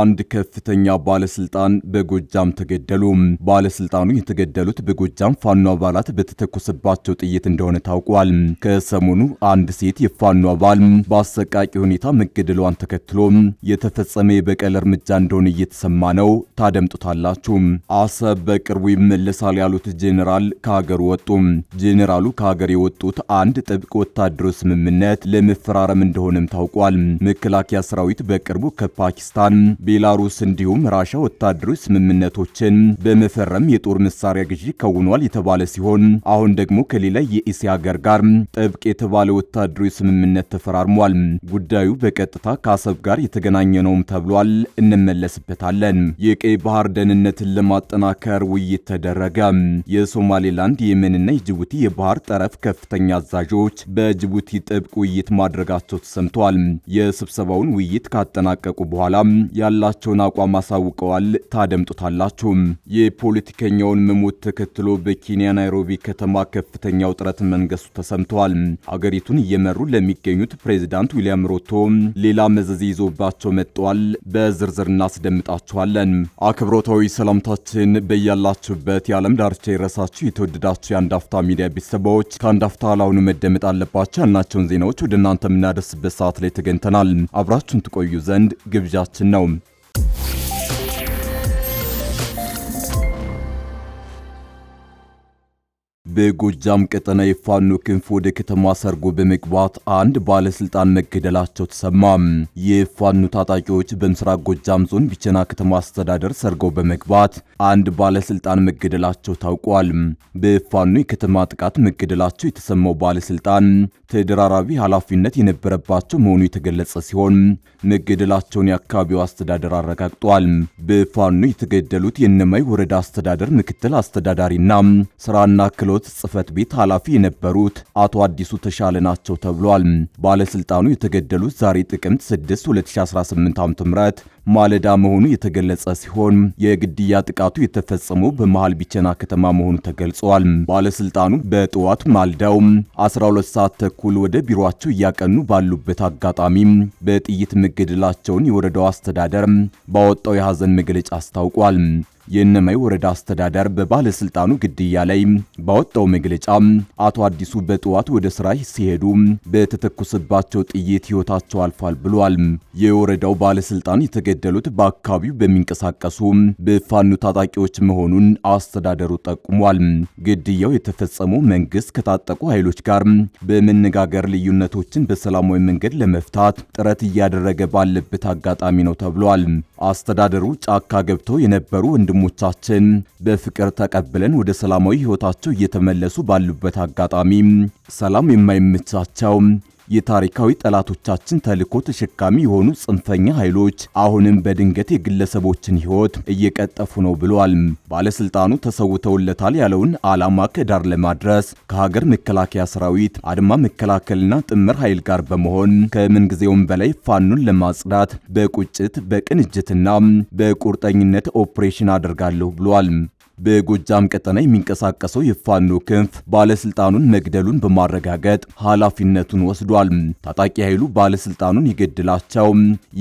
አንድ ከፍተኛ ባለስልጣን በጎጃም ተገደሉ። ባለስልጣኑ የተገደሉት በጎጃም ፋኖ አባላት በተተኮሰባቸው ጥይት እንደሆነ ታውቋል። ከሰሞኑ አንድ ሴት የፋኖ አባል በአሰቃቂ ሁኔታ መገደሏን ተከትሎ የተፈጸመ የበቀል እርምጃ እንደሆነ እየተሰማ ነው። ታደምጡታላችሁ። አሰብ በቅርቡ ይመለሳል ያሉት ጄኔራል ከሀገር ወጡ። ጄኔራሉ ከሀገር የወጡት አንድ ጥብቅ ወታደራዊ ስምምነት ለመፈራረም እንደሆነም ታውቋል። መከላከያ ሰራዊት በቅርቡ ከፓኪስታን ቤላሩስ እንዲሁም ራሻ ወታደሮች ስምምነቶችን በመፈረም የጦር መሳሪያ ግዢ ከውኗል የተባለ ሲሆን አሁን ደግሞ ከሌላ የእስያ ሀገር ጋር ጥብቅ የተባለ ወታደራዊ ስምምነት ተፈራርሟል። ጉዳዩ በቀጥታ ከአሰብ ጋር የተገናኘ ነውም ተብሏል። እንመለስበታለን። የቀይ ባህር ደህንነትን ለማጠናከር ውይይት ተደረገ። የሶማሌላንድ የየመንና የጅቡቲ የባህር ጠረፍ ከፍተኛ አዛዦች በጅቡቲ ጥብቅ ውይይት ማድረጋቸው ተሰምቷል። የስብሰባውን ውይይት ካጠናቀቁ በኋላ ያላቸውን አቋም አሳውቀዋል። ታደምጡታላችሁ። የፖለቲከኛውን መሞት ተከትሎ በኬንያ ናይሮቢ ከተማ ከፍተኛ ውጥረት መንገሱ ተሰምተዋል። አገሪቱን እየመሩ ለሚገኙት ፕሬዚዳንት ዊልያም ሮቶ ሌላ መዘዝ ይዞባቸው መጥተዋል። በዝርዝር እናስደምጣችኋለን። አክብሮታዊ ሰላምታችን በያላችሁበት የዓለም ዳርቻ የረሳችሁ የተወደዳችሁ የአንዳፍታ ሚዲያ ቤተሰባዎች ከአንዳፍታ ላሁኑ መደመጥ አለባቸው ያልናቸውን ዜናዎች ወደ እናንተ የምናደርስበት ሰዓት ላይ ተገኝተናል። አብራችሁን ትቆዩ ዘንድ ግብዣችን ነው። Bye. በጎጃም ቀጠና የፋኖ ክንፍ ወደ ከተማ ሰርጎ በመግባት አንድ ባለስልጣን መገደላቸው ተሰማ። የፋኖ ታጣቂዎች በምስራቅ ጎጃም ዞን ቢቸና ከተማ አስተዳደር ሰርገው በመግባት አንድ ባለስልጣን መገደላቸው ታውቋል። በፋኖ የከተማ ጥቃት መገደላቸው የተሰማው ባለስልጣን ተደራራቢ ኃላፊነት የነበረባቸው መሆኑ የተገለጸ ሲሆን መገደላቸውን የአካባቢው አስተዳደር አረጋግጧል። በፋኖ የተገደሉት የእነማይ ወረዳ አስተዳደር ምክትል አስተዳዳሪና ስራና ክህሎት አገልግሎት ጽህፈት ቤት ኃላፊ የነበሩት አቶ አዲሱ ተሻለ ናቸው ተብሏል። ባለስልጣኑ የተገደሉት ዛሬ ጥቅምት 6 2018 ዓ.ም ማለዳ መሆኑ የተገለጸ ሲሆን የግድያ ጥቃቱ የተፈጸመው በመሃል ቢቸና ከተማ መሆኑ ተገልጿል። ባለስልጣኑ በጠዋት ማልዳው 12 ሰዓት ተኩል ወደ ቢሮቸው እያቀኑ ባሉበት አጋጣሚ በጥይት መገደላቸውን የወረዳው አስተዳደር ባወጣው የሐዘን መግለጫ አስታውቋል። የእነማይ ወረዳ አስተዳደር በባለስልጣኑ ግድያ ላይ ባወጣው መግለጫ አቶ አዲሱ በጠዋት ወደ ስራ ሲሄዱ በተተኮሰባቸው ጥይት ሕይወታቸው አልፏል ብሏል። የወረዳው ባለስልጣን የተገደሉት በአካባቢው በሚንቀሳቀሱ በፋኑ ታጣቂዎች መሆኑን አስተዳደሩ ጠቁሟል። ግድያው የተፈጸመው መንግስት ከታጠቁ ኃይሎች ጋር በመነጋገር ልዩነቶችን በሰላማዊ መንገድ ለመፍታት ጥረት እያደረገ ባለበት አጋጣሚ ነው ተብሏል። አስተዳደሩ ጫካ ገብተው የነበሩ ወንድሞ ወንድሞቻችን በፍቅር ተቀብለን ወደ ሰላማዊ ህይወታቸው እየተመለሱ ባሉበት አጋጣሚ ሰላም የማይመቻቸው የታሪካዊ ጠላቶቻችን ተልዕኮ ተሸካሚ የሆኑ ጽንፈኛ ኃይሎች አሁንም በድንገት የግለሰቦችን ሕይወት እየቀጠፉ ነው ብሏል። ባለስልጣኑ ተሰውተውለታል ያለውን ዓላማ ከዳር ለማድረስ ከሀገር መከላከያ ሰራዊት አድማ መከላከልና ጥምር ኃይል ጋር በመሆን ከምንጊዜውም በላይ ፋኖን ለማጽዳት በቁጭት በቅንጅትና በቁርጠኝነት ኦፕሬሽን አድርጋለሁ ብሏል። በጎጃም ቀጠና የሚንቀሳቀሰው የፋኖ ክንፍ ባለስልጣኑን መግደሉን በማረጋገጥ ኃላፊነቱን ወስዷል። ታጣቂ ኃይሉ ባለስልጣኑን የገደላቸው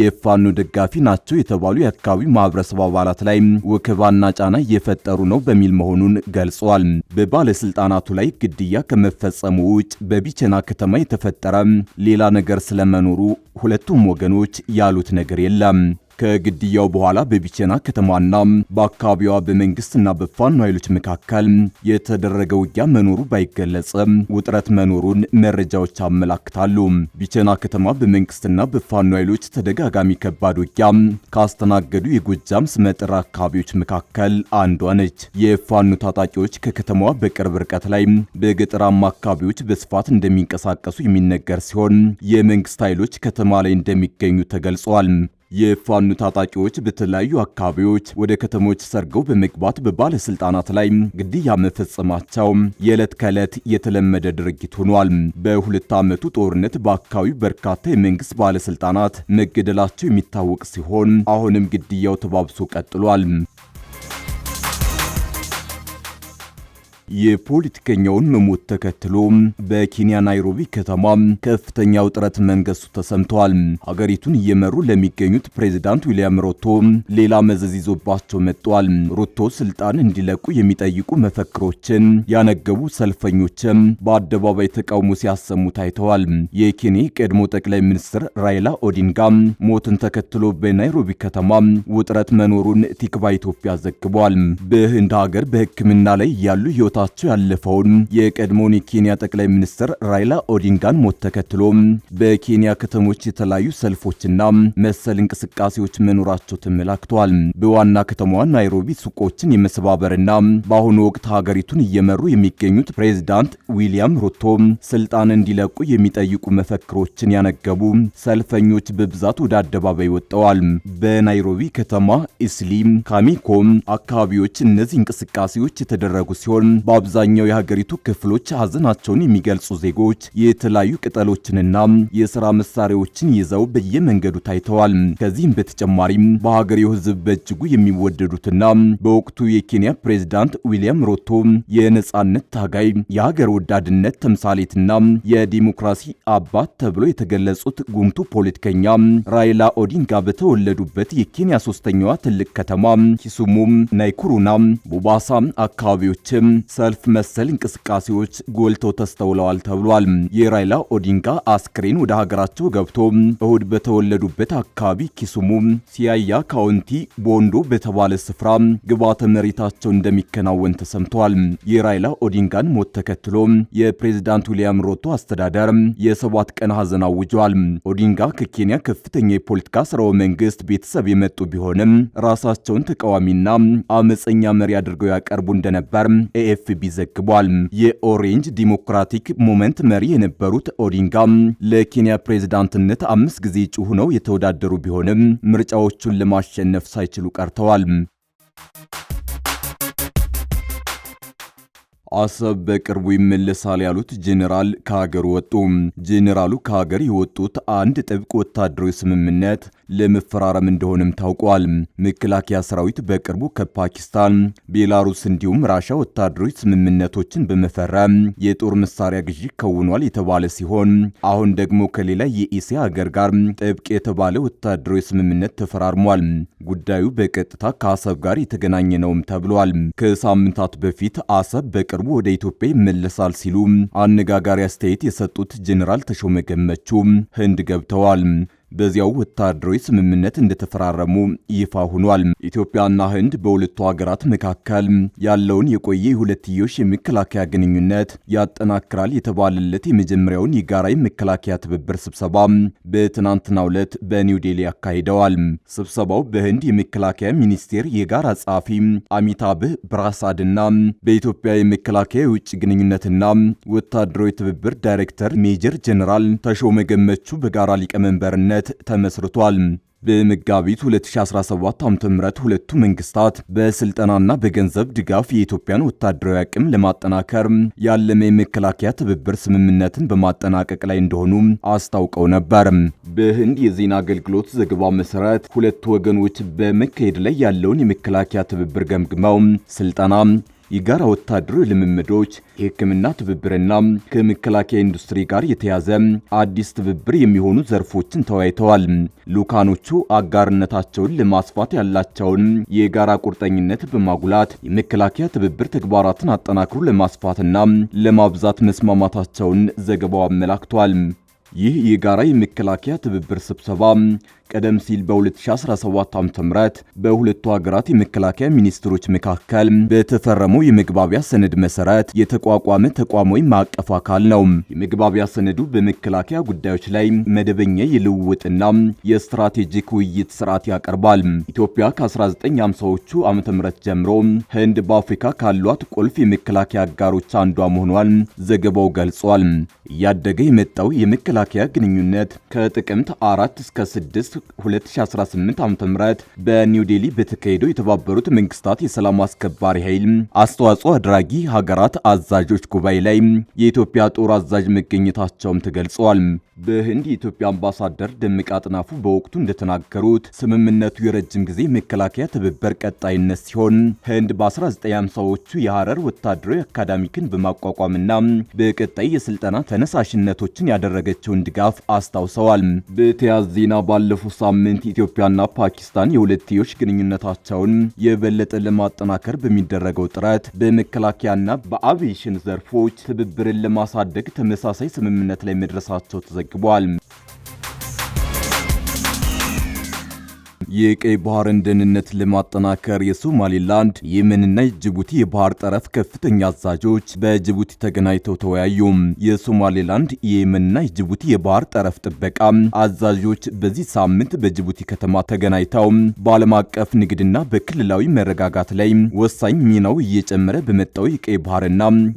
የፋኖ ደጋፊ ናቸው የተባሉ የአካባቢው ማህበረሰብ አባላት ላይ ወከባና ጫና እየፈጠሩ ነው በሚል መሆኑን ገልጿል። በባለስልጣናቱ ላይ ግድያ ከመፈጸሙ ውጭ በቢቸና ከተማ የተፈጠረ ሌላ ነገር ስለመኖሩ ሁለቱም ወገኖች ያሉት ነገር የለም። ከግድያው በኋላ በቢቸና ከተማና በአካባቢዋ በመንግስትና በፋኖ ኃይሎች መካከል የተደረገ ውጊያ መኖሩ ባይገለጽም ውጥረት መኖሩን መረጃዎች አመላክታሉ። ቢቸና ከተማ በመንግስትና በፋኖ ኃይሎች ተደጋጋሚ ከባድ ውጊያ ካስተናገዱ የጎጃም ስመጥር አካባቢዎች መካከል አንዷ ነች። የፋኖ ታጣቂዎች ከከተማዋ በቅርብ ርቀት ላይ በገጠራማ አካባቢዎች በስፋት እንደሚንቀሳቀሱ የሚነገር ሲሆን የመንግስት ኃይሎች ከተማ ላይ እንደሚገኙ ተገልጿል። የፋኑ ታጣቂዎች በተለያዩ አካባቢዎች ወደ ከተሞች ሰርገው በመግባት በባለስልጣናት ላይ ግድያ መፈጸማቸው የዕለት ከዕለት የተለመደ ድርጊት ሆኗል። በሁለት ዓመቱ ጦርነት በአካባቢው በርካታ የመንግስት ባለስልጣናት መገደላቸው የሚታወቅ ሲሆን አሁንም ግድያው ተባብሶ ቀጥሏል። የፖለቲከኛውን መሞት ተከትሎ በኬንያ ናይሮቢ ከተማ ከፍተኛ ውጥረት መንገሱ ተሰምተዋል። ሀገሪቱን እየመሩ ለሚገኙት ፕሬዚዳንት ዊልያም ሮቶ ሌላ መዘዝ ይዞባቸው መጥተዋል። ሮቶ ስልጣን እንዲለቁ የሚጠይቁ መፈክሮችን ያነገቡ ሰልፈኞችም በአደባባይ ተቃውሞ ሲያሰሙ ታይተዋል። የኬንያ ቀድሞ ጠቅላይ ሚኒስትር ራይላ ኦዲንጋ ሞትን ተከትሎ በናይሮቢ ከተማ ውጥረት መኖሩን ቲክባ ኢትዮጵያ ዘግቧል። በህንድ ሀገር በህክምና ላይ ያሉ ህይወት ሕይወታቸው ያለፈውን የቀድሞውን የኬንያ ጠቅላይ ሚኒስትር ራይላ ኦዲንጋን ሞት ተከትሎ በኬንያ ከተሞች የተለያዩ ሰልፎችና መሰል እንቅስቃሴዎች መኖራቸው ተመላክቷል። በዋና ከተማዋ ናይሮቢ ሱቆችን የመሰባበርና በአሁኑ ወቅት ሀገሪቱን እየመሩ የሚገኙት ፕሬዚዳንት ዊሊያም ሩቶ ስልጣን እንዲለቁ የሚጠይቁ መፈክሮችን ያነገቡ ሰልፈኞች በብዛት ወደ አደባባይ ወጥተዋል። በናይሮቢ ከተማ ኢስሊም፣ ካሚኮም አካባቢዎች እነዚህ እንቅስቃሴዎች የተደረጉ ሲሆን በአብዛኛው የሀገሪቱ ክፍሎች ሀዘናቸውን የሚገልጹ ዜጎች የተለያዩ ቅጠሎችንና የስራ መሳሪያዎችን ይዘው በየመንገዱ ታይተዋል። ከዚህም በተጨማሪም በሀገሬው ህዝብ በእጅጉ የሚወደዱትና በወቅቱ የኬንያ ፕሬዚዳንት ዊልያም ሮቶ የነጻነት ታጋይ የሀገር ወዳድነት ተምሳሌትና የዲሞክራሲ አባት ተብሎ የተገለጹት ጉምቱ ፖለቲከኛ ራይላ ኦዲንጋ በተወለዱበት የኬንያ ሶስተኛዋ ትልቅ ከተማ ኪሱሙ፣ ናይኩሩና ቡባሳ አካባቢዎችም ሰልፍ መሰል እንቅስቃሴዎች ጎልተው ተስተውለዋል ተብሏል። የራይላ ኦዲንጋ አስክሬን ወደ ሀገራቸው ገብቶ እሁድ በተወለዱበት አካባቢ ኪሱሙ ሲያያ ካውንቲ ቦንዶ በተባለ ስፍራ ግብዓተ መሬታቸው እንደሚከናወን ተሰምተዋል። የራይላ ኦዲንጋን ሞት ተከትሎ የፕሬዝዳንት ዊልያም ሮቶ አስተዳደር የሰባት ቀን ሀዘን አውጇል። ኦዲንጋ ከኬንያ ከፍተኛ የፖለቲካ ስራው መንግስት ቤተሰብ የመጡ ቢሆንም ራሳቸውን ተቃዋሚና አመፀኛ መሪ አድርገው ያቀርቡ እንደነበር ኤኤፍ ኤኤፍፒ ዘግቧል። የኦሬንጅ ዲሞክራቲክ ሞመንት መሪ የነበሩት ኦዲንጋ ለኬንያ ፕሬዝዳንትነት አምስት ጊዜ እጩ ሆነው የተወዳደሩ ቢሆንም ምርጫዎቹን ለማሸነፍ ሳይችሉ ቀርተዋል። አሰብ በቅርቡ ይመለሳል ያሉት ጄኔራል ከሀገር ወጡ። ጄኔራሉ ከሀገር የወጡት አንድ ጥብቅ ወታደራዊ ስምምነት ለመፈራረም እንደሆነም ታውቋል። መከላከያ ሰራዊት በቅርቡ ከፓኪስታን፣ ቤላሩስ እንዲሁም ራሻ ወታደራዊ ስምምነቶችን በመፈረም የጦር መሳሪያ ግዢ ከውኗል የተባለ ሲሆን አሁን ደግሞ ከሌላ የኢሲያ ሀገር ጋር ጥብቅ የተባለ ወታደራዊ ስምምነት ተፈራርሟል። ጉዳዩ በቀጥታ ከአሰብ ጋር የተገናኘ ነውም ተብሏል። ከሳምንታት በፊት አሰብ በቅርቡ በቅርቡ ወደ ኢትዮጵያ ይመለሳል ሲሉ አነጋጋሪ አስተያየት የሰጡት ጀነራል ተሾመ ገመቹ ህንድ ገብተዋል። በዚያው ወታደራዊ ስምምነት እንደተፈራረሙ ይፋ ሆኗል። ኢትዮጵያና ህንድ በሁለቱ ሀገራት መካከል ያለውን የቆየ የሁለትዮሽ የመከላከያ ግንኙነት ያጠናክራል የተባለለት የመጀመሪያውን የጋራ የመከላከያ ትብብር ስብሰባ በትናንትናው ዕለት በኒው ዴሊ አካሂደዋል። ስብሰባው በህንድ የመከላከያ ሚኒስቴር የጋራ ጸሐፊ አሚታብህ ብራሳድና በኢትዮጵያ የመከላከያ የውጭ ግንኙነትና ወታደራዊ ትብብር ዳይሬክተር ሜጀር ጀኔራል ተሾመ ገመቹ በጋራ ሊቀመንበርነት ስምምነት ተመስርቷል። በመጋቢት 2017 ዓ.ም ሁለቱ መንግስታት በስልጠናና በገንዘብ ድጋፍ የኢትዮጵያን ወታደራዊ አቅም ለማጠናከር ያለመ የመከላከያ ትብብር ስምምነትን በማጠናቀቅ ላይ እንደሆኑ አስታውቀው ነበር። በህንድ የዜና አገልግሎት ዘገባ መሰረት ሁለቱ ወገኖች በመካሄድ ላይ ያለውን የመከላከያ ትብብር ገምግመው ስልጠና የጋራ ወታደራዊ ልምምዶች፣ የህክምና ትብብርና ከመከላከያ ኢንዱስትሪ ጋር የተያዘ አዲስ ትብብር የሚሆኑ ዘርፎችን ተወያይተዋል። ልዑካኖቹ አጋርነታቸውን ለማስፋት ያላቸውን የጋራ ቁርጠኝነት በማጉላት የመከላከያ ትብብር ተግባራትን አጠናክሮ ለማስፋትና ለማብዛት መስማማታቸውን ዘገባው አመላክቷል። ይህ የጋራ የመከላከያ ትብብር ስብሰባ ቀደም ሲል በ2017 ዓ ም በሁለቱ ሀገራት የመከላከያ ሚኒስትሮች መካከል በተፈረመው የመግባቢያ ሰነድ መሰረት የተቋቋመ ተቋማዊ ማዕቀፍ አካል ነው። የመግባቢያ ሰነዱ በመከላከያ ጉዳዮች ላይ መደበኛ የልውውጥና የስትራቴጂክ ውይይት ስርዓት ያቀርባል። ኢትዮጵያ ከ1950ዎቹ ዓ ም ጀምሮ ህንድ በአፍሪካ ካሏት ቁልፍ የመከላከያ አጋሮች አንዷ መሆኗን ዘገባው ገልጿል። እያደገ የመጣው የመከላከያ ግንኙነት ከጥቅምት አራት እስከ ስድስት 2018 ዓ ም በኒው ዴሊ በተካሄደው የተባበሩት መንግስታት የሰላም አስከባሪ ኃይል አስተዋጽኦ አድራጊ ሀገራት አዛዦች ጉባኤ ላይ የኢትዮጵያ ጦር አዛዥ መገኘታቸውም ተገልጸዋል። በህንድ የኢትዮጵያ አምባሳደር ደመቀ አጥናፉ በወቅቱ እንደተናገሩት ስምምነቱ የረጅም ጊዜ መከላከያ ትብብር ቀጣይነት ሲሆን ህንድ በ1950ዎቹ የሐረር ወታደራዊ አካዳሚክን በማቋቋምና በቀጣይ የስልጠና ተነሳሽነቶችን ያደረገችውን ድጋፍ አስታውሰዋል። በተያያዘ ዜና ባለፉት ባለፈው ሳምንት ኢትዮጵያና ፓኪስታን የሁለትዮሽ ግንኙነታቸውን የበለጠ ለማጠናከር በሚደረገው ጥረት በመከላከያና በአቪዬሽን ዘርፎች ትብብርን ለማሳደግ ተመሳሳይ ስምምነት ላይ መድረሳቸው ተዘግቧል። የቀይ ባህርን ደህንነት ለማጠናከር የሶማሊላንድ የመንና የጅቡቲ የባህር ጠረፍ ከፍተኛ አዛዦች በጅቡቲ ተገናኝተው ተወያዩ። የሶማሊላንድ የመንና የጅቡቲ የባህር ጠረፍ ጥበቃ አዛዦች በዚህ ሳምንት በጅቡቲ ከተማ ተገናኝተው በዓለም አቀፍ ንግድና በክልላዊ መረጋጋት ላይ ወሳኝ ሚናው እየጨመረ በመጣው የቀይ ባህርና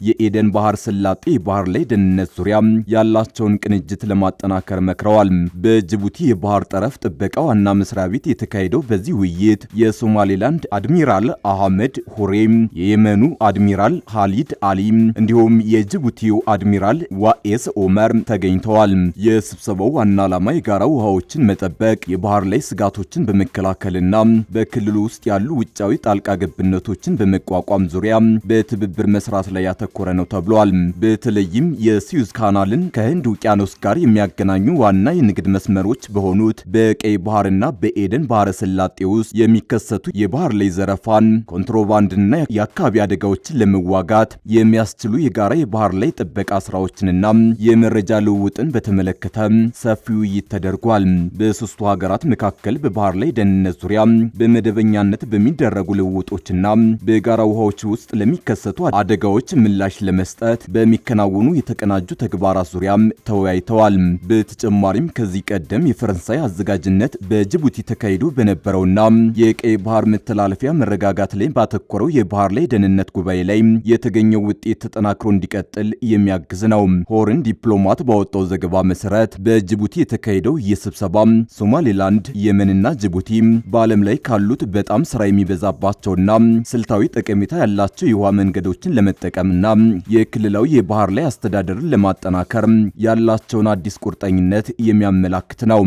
የኤደን ባህር ሰላጤ የባህር ላይ ደህንነት ዙሪያ ያላቸውን ቅንጅት ለማጠናከር መክረዋል። በጅቡቲ የባህር ጠረፍ ጥበቃ ዋና መስሪያ ቤት የተካሄደው በዚህ ውይይት የሶማሌላንድ አድሚራል አህመድ ሁሬም፣ የየመኑ አድሚራል ሃሊድ አሊም እንዲሁም የጅቡቲው አድሚራል ዋኤስ ኦመር ተገኝተዋል። የስብሰባው ዋና ዓላማ የጋራ ውሃዎችን መጠበቅ፣ የባህር ላይ ስጋቶችን በመከላከልና በክልሉ ውስጥ ያሉ ውጫዊ ጣልቃ ገብነቶችን በመቋቋም ዙሪያ በትብብር መስራት ላይ ያተኮረ ነው ተብሏል። በተለይም የሲዩዝ ካናልን ከህንድ ውቅያኖስ ጋር የሚያገናኙ ዋና የንግድ መስመሮች በሆኑት በቀይ ባህርና በኤደን ባህረ ሰላጤ ውስጥ የሚከሰቱ የባህር ላይ ዘረፋን፣ ኮንትሮባንድና የአካባቢ አደጋዎችን ለመዋጋት የሚያስችሉ የጋራ የባህር ላይ ጥበቃ ስራዎችንና የመረጃ ልውውጥን በተመለከተ ሰፊ ውይይት ተደርጓል። በሶስቱ ሀገራት መካከል በባህር ላይ ደህንነት ዙሪያ በመደበኛነት በሚደረጉ ልውውጦችና በጋራ ውሃዎች ውስጥ ለሚከሰቱ አደጋዎች ምላሽ ለመስጠት በሚከናወኑ የተቀናጁ ተግባራት ዙሪያም ተወያይተዋል። በተጨማሪም ከዚህ ቀደም የፈረንሳይ አዘጋጅነት በጅቡቲ ተካሂዶ ሲያካሂዱ በነበረውና የቀይ ባህር መተላለፊያ መረጋጋት ላይ ባተኮረው የባህር ላይ ደህንነት ጉባኤ ላይ የተገኘው ውጤት ተጠናክሮ እንዲቀጥል የሚያግዝ ነው። ሆርን ዲፕሎማት ባወጣው ዘገባ መሰረት በጅቡቲ የተካሄደው የስብሰባ ሶማሌላንድ፣ የመንና ጅቡቲ በዓለም ላይ ካሉት በጣም ስራ የሚበዛባቸውና ስልታዊ ጠቀሜታ ያላቸው የውሃ መንገዶችን ለመጠቀምና የክልላዊ የባህር ላይ አስተዳደርን ለማጠናከር ያላቸውን አዲስ ቁርጠኝነት የሚያመላክት ነው።